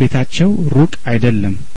ቤታቸው ሩቅ አይደለም